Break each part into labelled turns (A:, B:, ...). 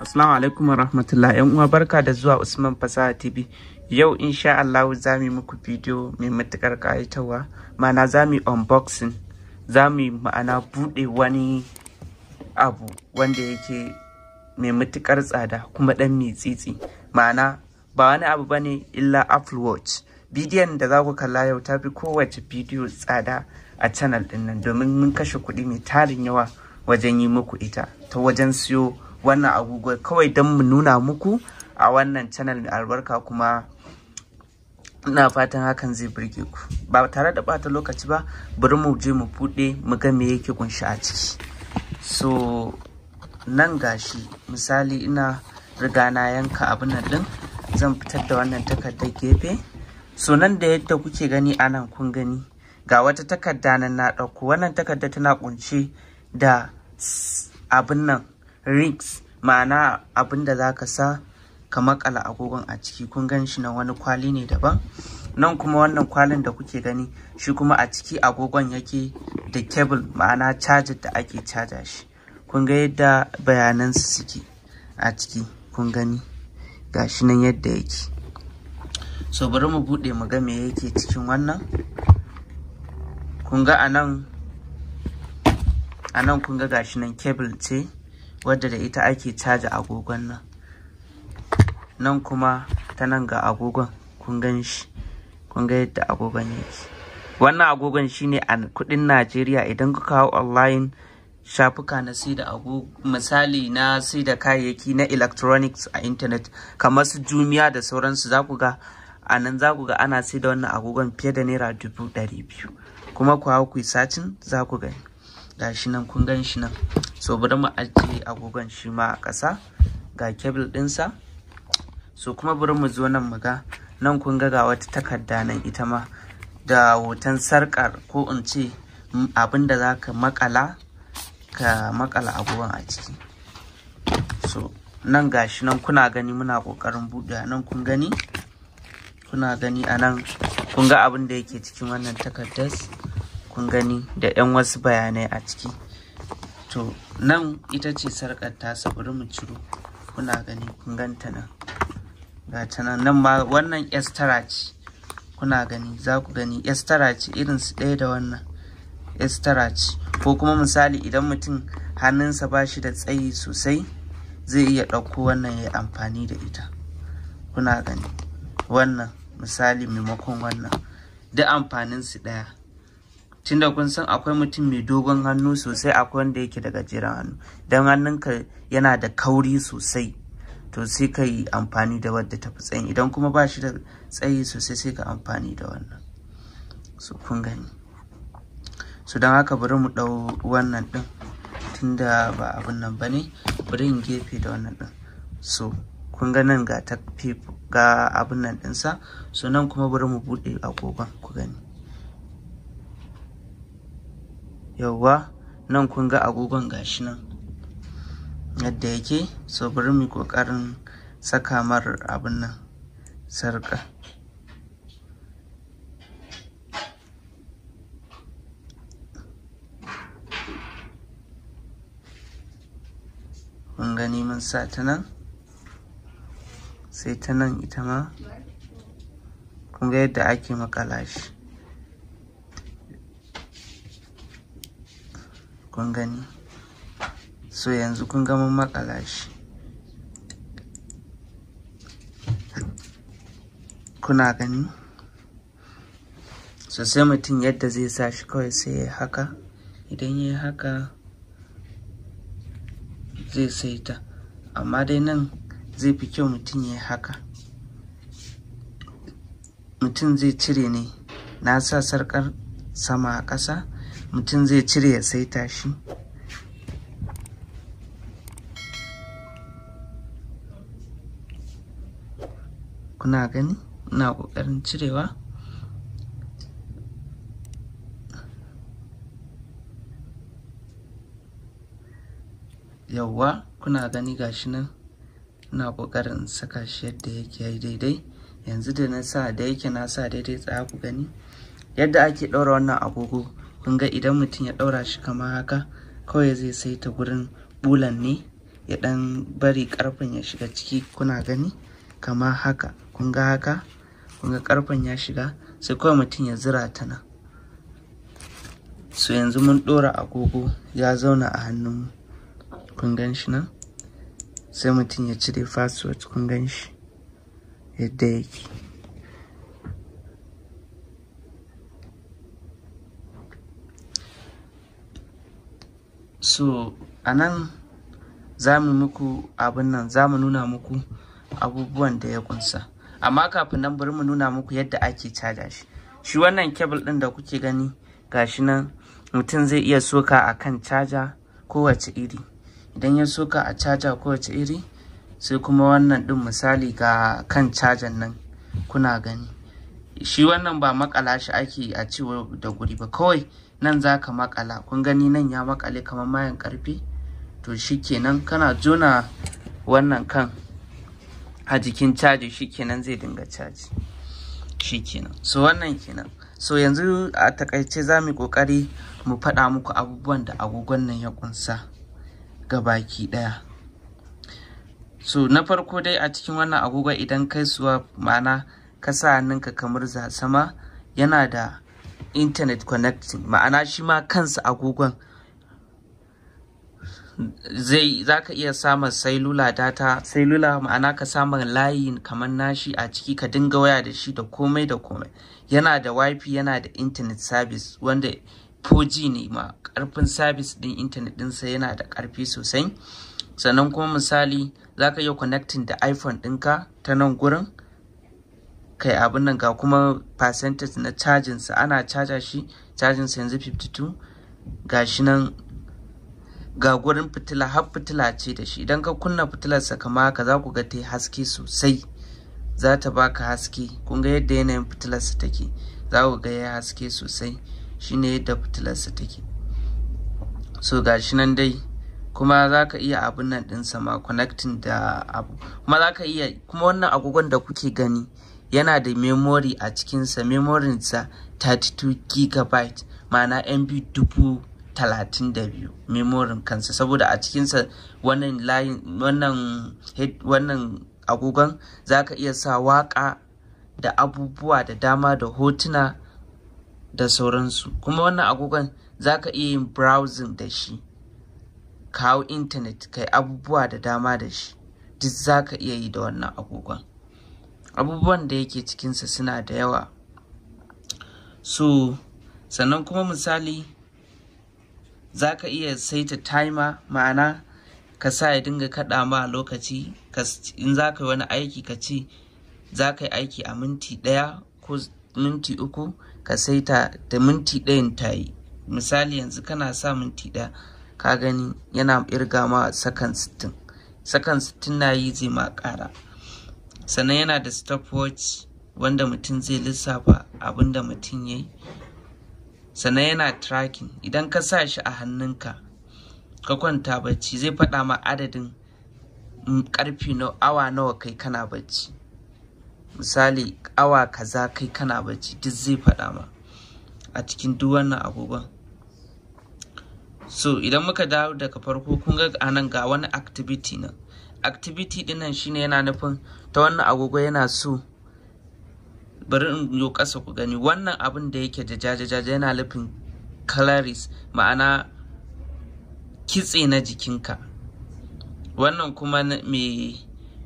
A: Assalamu alaikum warahmatullahi yan uwa barka da zuwa Usman Fasaha TV. Yau insha Allah za mu muku bidiyo mai matukar kayatarwa, mana za mu unboxing, za mu ma'ana bude wani abu wanda yake mai matukar tsada kuma ɗan mai tsitsi. Ma'ana ba wani abu bane illa Apple Watch. Bidiyon da za ku kalla yau ta fi kowace bidiyo tsada a channel ɗin nan domin mun kashe kuɗi mai tarin yawa wajen yi muku ita ta wajen siyo wannan agogo kawai don mu nuna muku a wannan channel mai albarka kuma ina fatan hakan zai burge ku ba tare da bata lokaci ba bari mu je mu buɗe mu ga me yake kunshi a ciki so nan gashi misali ina riga na yanka abin nan din zan fitar da wannan takardar gefe so nan da yadda kuke gani anan kun gani ga wata takarda nan na ɗauko wannan takarda tana kunshe da abin nan rings ma'ana abin da za ka sa ka makala agogon a ciki kun gan shi na wani kwali ne daban nan kuma wannan kwalin da kuke gani shi kuma a ciki agogon yake da kebul ma'ana cajin da ake caja shi kun ga yadda bayanansu suke a ciki kun gani ga shi nan yadda yake so bari mu buɗe mu ga me yake cikin wannan kun ga anan anan kun ga gashi nan kebul ce wadda da ita ake caja agogon nan nan kuma ta nan ga agogon kun gan shi kun ga yadda agogon yake wannan agogon shine a kudin najeriya idan kuka kawo online shafuka na sai da agogo misali na sai da kayayyaki na electronics a internet kamar su jumia da sauransu za ku ga a nan za ku ga ana sai da wannan agogon fiye da naira dubu ɗari biyu kuma ku hau ku yi satin za ku gani gashi nan kun gan shi nan so bari mu ajiye agogon shi ma a ƙasa ga kebul ɗinsa so kuma bari mu zo nan mu ga nan kun ga ga wata takarda nan ita ma da hoton sarƙar ko in ce abin da za ka makala ka makala agogon a ciki so nan gashi nan kuna gani muna ƙoƙarin buɗe nan kun gani kuna gani a nan kun ga abin da yake cikin wannan takardar kun gani da 'yan wasu bayanai a ciki to nan ita ce sarƙar tasa bari mu ciro kuna gani kun ganta nan ga ta nan nan ma wannan estara ce kuna gani za ku gani estara irin su ɗaya da wannan estara ko kuma misali idan mutum hannunsa ba shi da tsayi sosai zai iya ɗauko wannan ya amfani da ita kuna gani wannan misali maimakon wannan duk amfaninsu ɗaya tunda kun san akwai mutum mai dogon hannu sosai akwai wanda yake da gajeren hannu don hannunka yana da kauri sosai to sai ka yi amfani da wadda tafi tsayi idan kuma ba shi da tsayi sosai sai ka amfani da wannan su kun gani Su don haka bari mu ɗau wannan ɗin tunda ba abin nan ba ne bari in gefe da wannan ɗin so kun ga nan ga abin nan ɗinsa so nan kuma bari mu buɗe agogon ku gani yauwa nan kun ga agogon gashi nan yadda yake so bari mu kokarin saka mar abin nan sarka kun gani mun sa ta nan sai ta nan ita ma kun ga yadda ake makala shi kun gani so yanzu kun ga mun makala shi kuna gani so sai mutum yadda zai sa shi kawai sai ya haka idan ya haka zai saita amma dai nan zai fi kyau mutum ya haka mutum zai cire ne na sa sarƙar sama a ƙasa mutum zai cire ya saita shi kuna gani ina ƙoƙarin cirewa yauwa kuna gani gashi nan ina ƙoƙarin saka shi yadda yake daidai yanzu da na sa da yake na sa daidai tsaya ku gani yadda ake ɗaura wannan agogo kun ga idan mutum ya ɗaura shi kamar haka kawai zai saita gurin bulan ne ya ɗan bari ƙarfin ya shiga ciki kuna gani kamar haka kun ga haka kun ga ƙarfin ya shiga sai kawai mutum ya zira ta nan su yanzu mun ɗora agogo ya zauna a hannun kun gan shi nan sai mutum ya cire password kun gan shi yadda yake so anan nan za mu muku abin nan za mu nuna muku abubuwan da ya kunsa amma kafin nan bari mu nuna muku yadda ake caja shi shi wannan kebul ɗin da kuke gani gashi nan mutum zai iya soka a kan caja kowace iri idan ya soka a caja kowace iri sai kuma wannan ɗin misali ga kan cajan nan kuna gani shi wannan ba makala shi ake a cewa da guri ba kawai nan za ka makala kun gani nan ya makale kamar mayan karfi to shikenan kana jona wannan kan a jikin caji shikenan zai dinga caji shikenan so wannan kenan so yanzu a takaice za mu kokari mu faɗa muku abubuwan da agogon nan ya kunsa ga baki ɗaya so na farko dai a cikin wannan agogo idan kai suwa ma'ana ka sa hannunka kamar za sama yana da internet connecting ma'ana shi ma kansa agogon zai za iya samun cellular data cellular ma'ana ka samun layin kamar nashi a ciki ka dinga waya da shi da komai da komai yana da wifi yana da internet service wanda 4G ne ma karfin service din internet dinsa yana da karfi sosai sannan kuma misali za iya connecting da iphone ɗinka ta nan gurin kai abin nan ga kuma percentage na sa ana charger shi sa yanzu 52 ga shi nan ga gurin fitila har fitila ce da shi idan ka kunna fitilarsa kama haka za ku ga ta haske sosai za ta baka haske kun ga yadda yanayin fitilarsa take za ku ga ya haske sosai shine yadda fitilarsa take so ga shi nan dai kuma za ka iya abin nan din ma connecting da abu kuma za ka iya kuma wannan agogon da kuke gani yana da memory a cikinsa memorinsa 32 gigabyte ma'ana mb dubu talatin memorin kansa saboda a cikinsa wannan wannan wannan agogon za ka iya sa waka da abubuwa da dama da hotuna da sauransu kuma wannan agogon za ka iya yin browsing da shi kawo intanet kai abubuwa da dama da shi duk za ka iya yi da wannan agogon abubuwan da yake cikinsa suna da yawa so sannan kuma misali za ka iya saita timer ma'ana ka sa ya dinga kaɗa ma lokaci in za ka yi wani aiki ka ce za ka yi aiki a minti ɗaya ko minti uku ka saita da minti ɗayan ta yi misali yanzu kana sa minti ɗaya ka gani yana irga ma sakan sittin sakan sittin na yi zai ma ƙara sannan yana da stopwatch wanda mutum zai lissafa abin da mutum ya yi sannan yana tracking idan ka sa shi a hannunka ka kwanta bacci zai faɗa ma adadin mm, ƙarfi na awa nawa kai kana bacci misali awa kaza kai kana bacci duk zai faɗa ma a cikin duk wannan abubuwan so idan muka dawo daga farko kun ga anan ga wani activity nan activity dinnan shine yana nufin ta wannan agogo yana so bari in yo kasa ku gani wannan abin da yake jajajaja yana nufin calories ma'ana kitse na jikinka wannan kuma me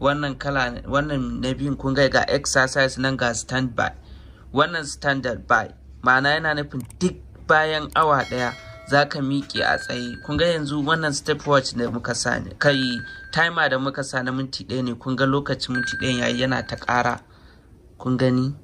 A: wannan kala wannan na biyun kun ga ga exercise nan ga standby wannan standard by ma'ana yana nufin duk bayan awa daya za ka miƙe a tsaye kun yanzu wannan watch da muka sa ne kai timer da muka sa na minti ɗaya ne kun ga lokacin minti ɗaya yayi yana ta ƙara kun gani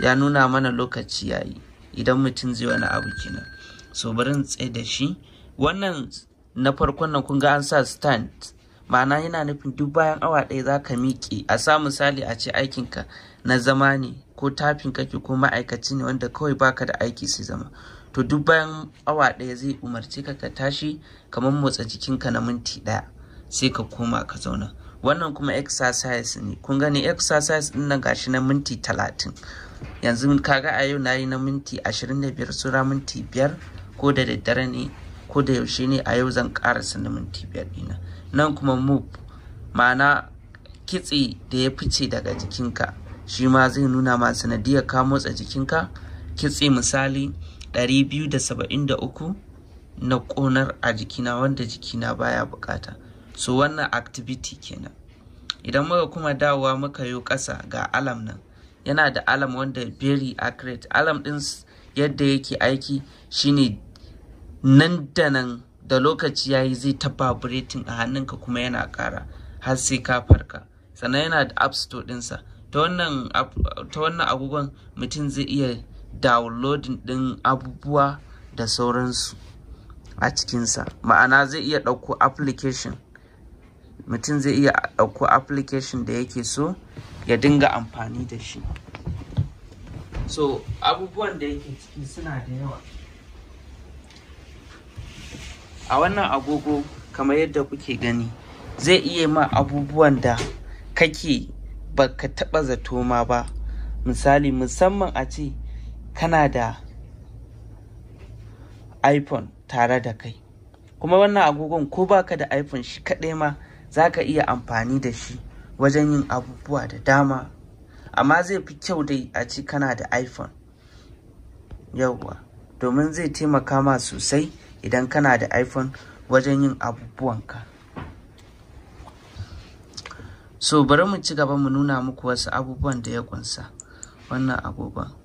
A: ya nuna mana lokaci yayi idan mutum zai wani abu kenan so bari tsaye da shi wannan na farkon nan kun ga an sa stand ma'ana yana nufin duk bayan awa ɗaya za ka miƙe a sa misali a ce aikinka na zama ne ko tafin kake ko ma'aikaci ne wanda kawai baka da aiki sai zama to duk bayan awa ɗaya zai umarce ka ka tashi kamar motsa jikinka na minti ɗaya sai ka koma ka zauna wannan kuma exercise ne kun gani exercise ɗin nan gashi na minti talatin yanzu kaga a yau na yi na minti ashirin da biyar sura minti biyar ko da daddare ne ko da yaushe ne a yau zan ƙarasa na minti biyar ɗina nan kuma move ma'ana kitse da ya fice daga jikinka shi ma zai nuna ma sanadiyar ka motsa jikinka kitse misali 273 na ƙonar a jikina wanda jikina baya bukata so wannan activity kenan idan muka kuma dawowa muka yi ƙasa ga alam nan yana da alam wanda very accurate alam ɗin yadda yake aiki shine nan da nan da lokaci ya yi zai taba breathing a hannunka kuma yana ƙara har sai ka farka sannan yana da app store ɗinsa ta wannan agogon mutum zai iya downloading ɗin abubuwa da sauransu a cikinsa ma'ana zai iya ɗauko application mutum zai iya ɗauko application da yake so ya dinga amfani da shi so abubuwan da yake ciki suna da yawa a wannan agogo kamar yadda kuke gani zai iya ma abubuwan da kake baka taɓa zato ma ba misali musamman a ce kana da iphone tare da kai kuma wannan agogon ko baka da iphone shi kaɗai ma za ka iya amfani da shi wajen yin abubuwa da dama amma zai fi kyau dai a ci kana da iphone yauwa domin zai taimaka ma sosai idan kana da iphone wajen yin abubuwanka so bari mu ci gaba mu nuna muku wasu abubuwan da ya ƙunsa, wannan agogon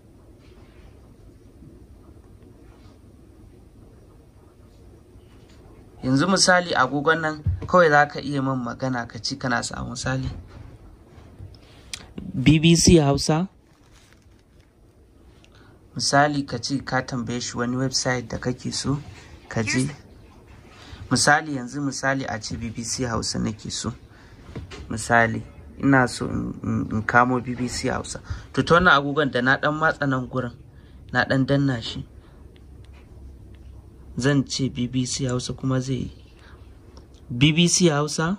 A: yanzu misali agogon nan kawai za ka iya min magana ka ci kana samu misali bbc hausa misali ka ce ka tambaye shi wani website da kake so ka je misali yanzu misali a ce bbc hausa nake so misali ina so in kamo bbc hausa to wannan agogon da na dan matsa nan gurin na dan danna shi zan ce bbc hausa kuma zai yi. bbc hausa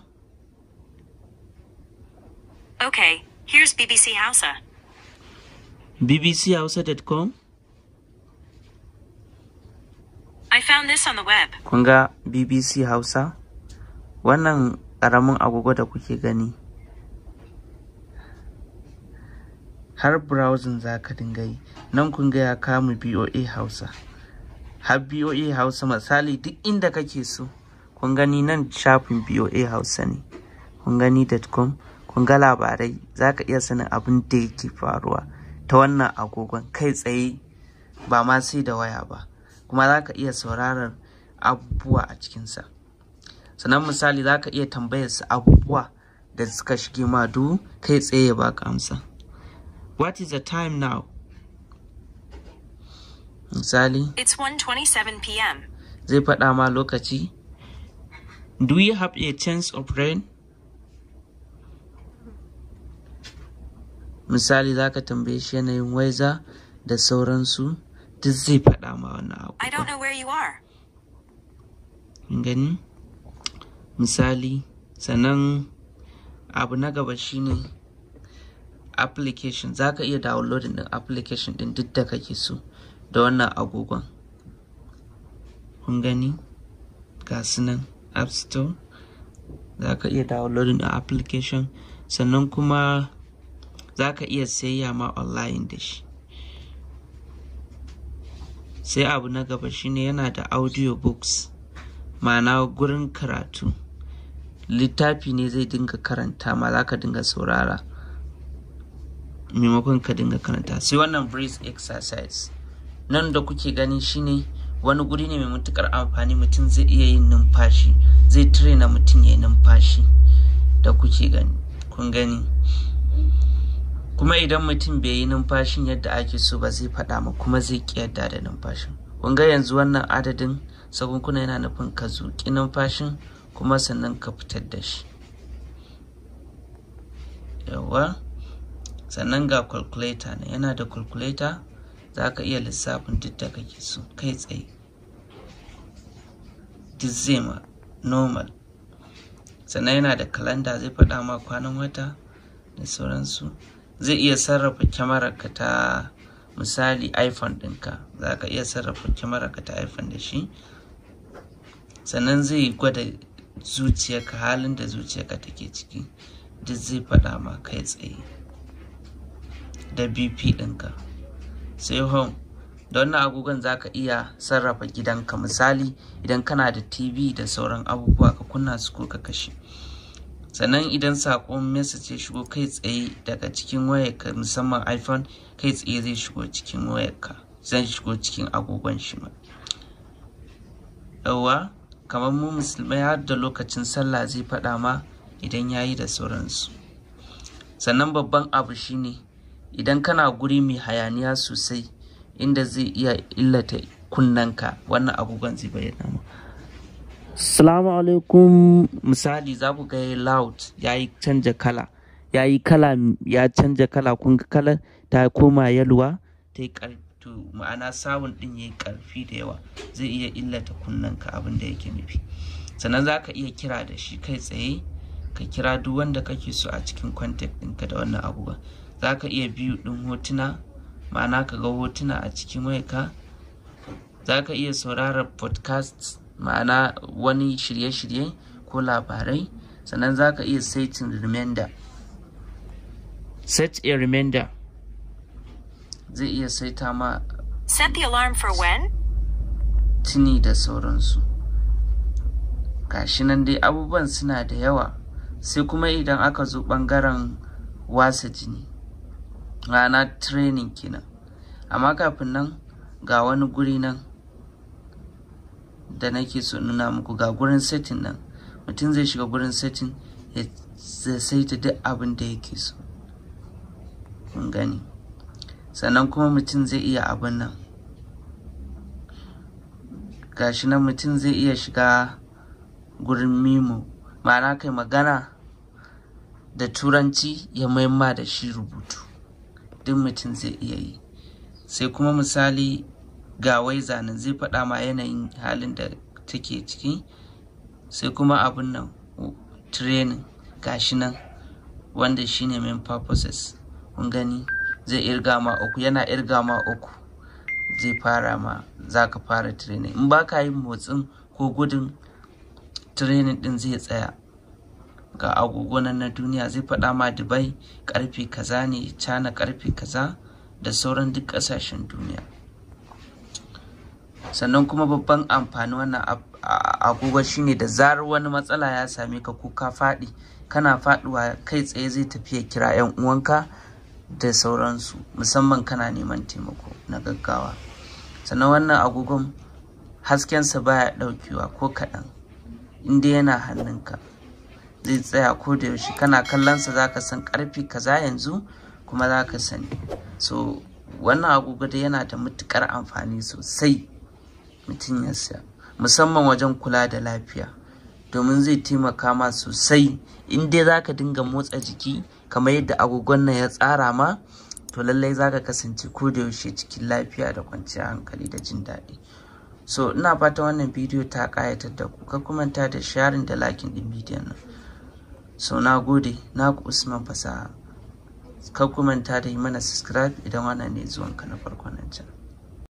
A: ok here's bbc hausa bbc I found this on the web. Kun ga BBC Hausa? Wannan ƙaramin agogo da kuke gani. Har browsing za ka dinga yi, nan kun ga ya kamu BOA Hausa. har BOA Hausa misali duk inda kake so kun gani nan shafin BOA Hausa ne kun gani .com kun ga labarai za ka iya sanin abin da yake faruwa ta wannan agogon kai tsaye ba ma sai da waya ba kuma za ka iya sauraron abubuwa a cikinsa sannan misali za ka iya tambayar su abubuwa da suka shige ma du kai tsaye ba baka amsa what is the time now Misali, It's 1:27 p.m. zai faɗa ma lokaci. Do you have a chance of rain? Misali za ka tambaye shi yanayin waiza da sauransu duk zai faɗa ma wannan abu. I don't know where you are. Gani? Misali, sannan abu na gaba shine application za ka iya downloading din application din duk da kake so. da wannan agogon kun gani ga su nan app store za ka iya downloading a application sannan kuma za ka iya sayayya ma online da shi sai abu na gaba shine yana da audio books ma'ana gurin karatu littafi ne zai dinga karanta ma za ka dinga saurara maimakon ka dinga karanta sai wannan breeze exercise nan da kuke gani shine wani guri ne mai matukar amfani mutum zai iya yin numfashi zai traina mutum ya yi numfashi da kuke gani kun gani kuma idan mutum bai yi numfashin yadda ake so ba zai faɗa ma kuma zai kiyarda da numfashin kun ga yanzu wannan adadin sakunkuna yana nufin ka zuƙi numfashin kuma sannan ka fitar da shi yawa sannan ga calculator yana da calculator za ka iya lissafin duk da kake so kai tsaye ma normal sannan yana da kalanda zai faɗa ma kwanan wata da sauransu zai iya sarrafa ka ta misali iphone ɗinka za ka iya sarrafa ka ta iphone da shi sannan zai gwada zuciyarka halin da zuciyarka take ciki duk zai faɗa ma kai tsaye da bp ɗinka sai home da wannan agogon za ka iya sarrafa gidanka misali idan kana da tv da sauran abubuwa ka kunna su ko ka kashe sannan idan sakon message ya shigo kai tsaye daga cikin wayarka musamman iphone kai tsaye zai shigo cikin wayarka zan shigo cikin agogon shi ma yawwa kamar mu musulmai har da lokacin sallah zai faɗa ma idan ya yi da sauransu sannan babban abu shine idan kana guri mai hayaniya sosai inda zai iya illata kunnanka wannan abubuwan zai bayyana ma salamu alaikum misali za ku ga loud ya yi canja kala ya yi kala ya canja kala kun ga ta koma yalwa ta yi to ma'ana samun din ya yi karfi da yawa zai iya illata kunnanka abin da yake nufi sannan za ka iya kira da shi kai tsaye ka kira duk wanda kake so a cikin kwantek ɗinka da wannan abubuwan za ka iya biyu ɗin hotuna ma'ana ka ga hotuna a cikin wayarka za ka iya saurara podcast ma'ana wani shirye-shirye ko labarai sannan za ka iya setting remainder set a remainder zai iya saita ma set the alarm for when tuni da sauransu gashi nan dai abubuwan suna da yawa sai kuma idan aka zo ɓangaren wasa jini rana training kenan amma kafin nan ga wani guri nan da nake so nuna muku ga gurin setting nan mutum zai shiga gurin setting ya saita duk abin da yake so kun gani sannan kuma mutum zai iya abin nan gashi nan mutum zai iya shiga gurin mimo ma'ana kai magana da turanci ya maimma da shi rubutu duk mutum zai iya yi sai kuma misali ga wai zanen zai faɗa ma yanayin halin da take ciki sai kuma abin nan training gashi nan wanda shine main purposes kun gani zai irga ma uku yana irga ma uku zai fara ma za ka fara training in ba ka yin motsin ko gudun training ɗin zai tsaya ga agogonan na duniya zai faɗa ma dubai ƙarfe kaza ne cana ƙarfe kaza da sauran duk ƙasashen duniya sannan kuma babban amfani wannan agogo shine da zarar wani matsala ya same ka ko ka faɗi kana faɗuwa kai tsaye zai tafi ya kira 'yan uwanka da sauransu musamman kana neman taimako na gaggawa sannan wannan agogon haskensa baya ɗaukewa ko kaɗan inda yana hannunka zai tsaya ko da yaushe kana kallon sa ka san karfi kaza yanzu kuma za ka sani so wannan agogo dai yana da matukar amfani sosai mutum ya siya musamman wajen kula da lafiya domin zai taimaka ma sosai in dai zaka dinga motsa jiki kamar yadda agogon nan ya tsara ma to lallai zaka kasance ko da yaushe cikin lafiya da kwanciyar hankali da jin daɗi so ina fata wannan bidiyo ta ƙayatar da ku ka kumanta da sharing da lakin ɗin bidiyon nan so na gode naku usman fasaha ka kumanta da yi mana subscribe idan wannan ne zuwanka na farko can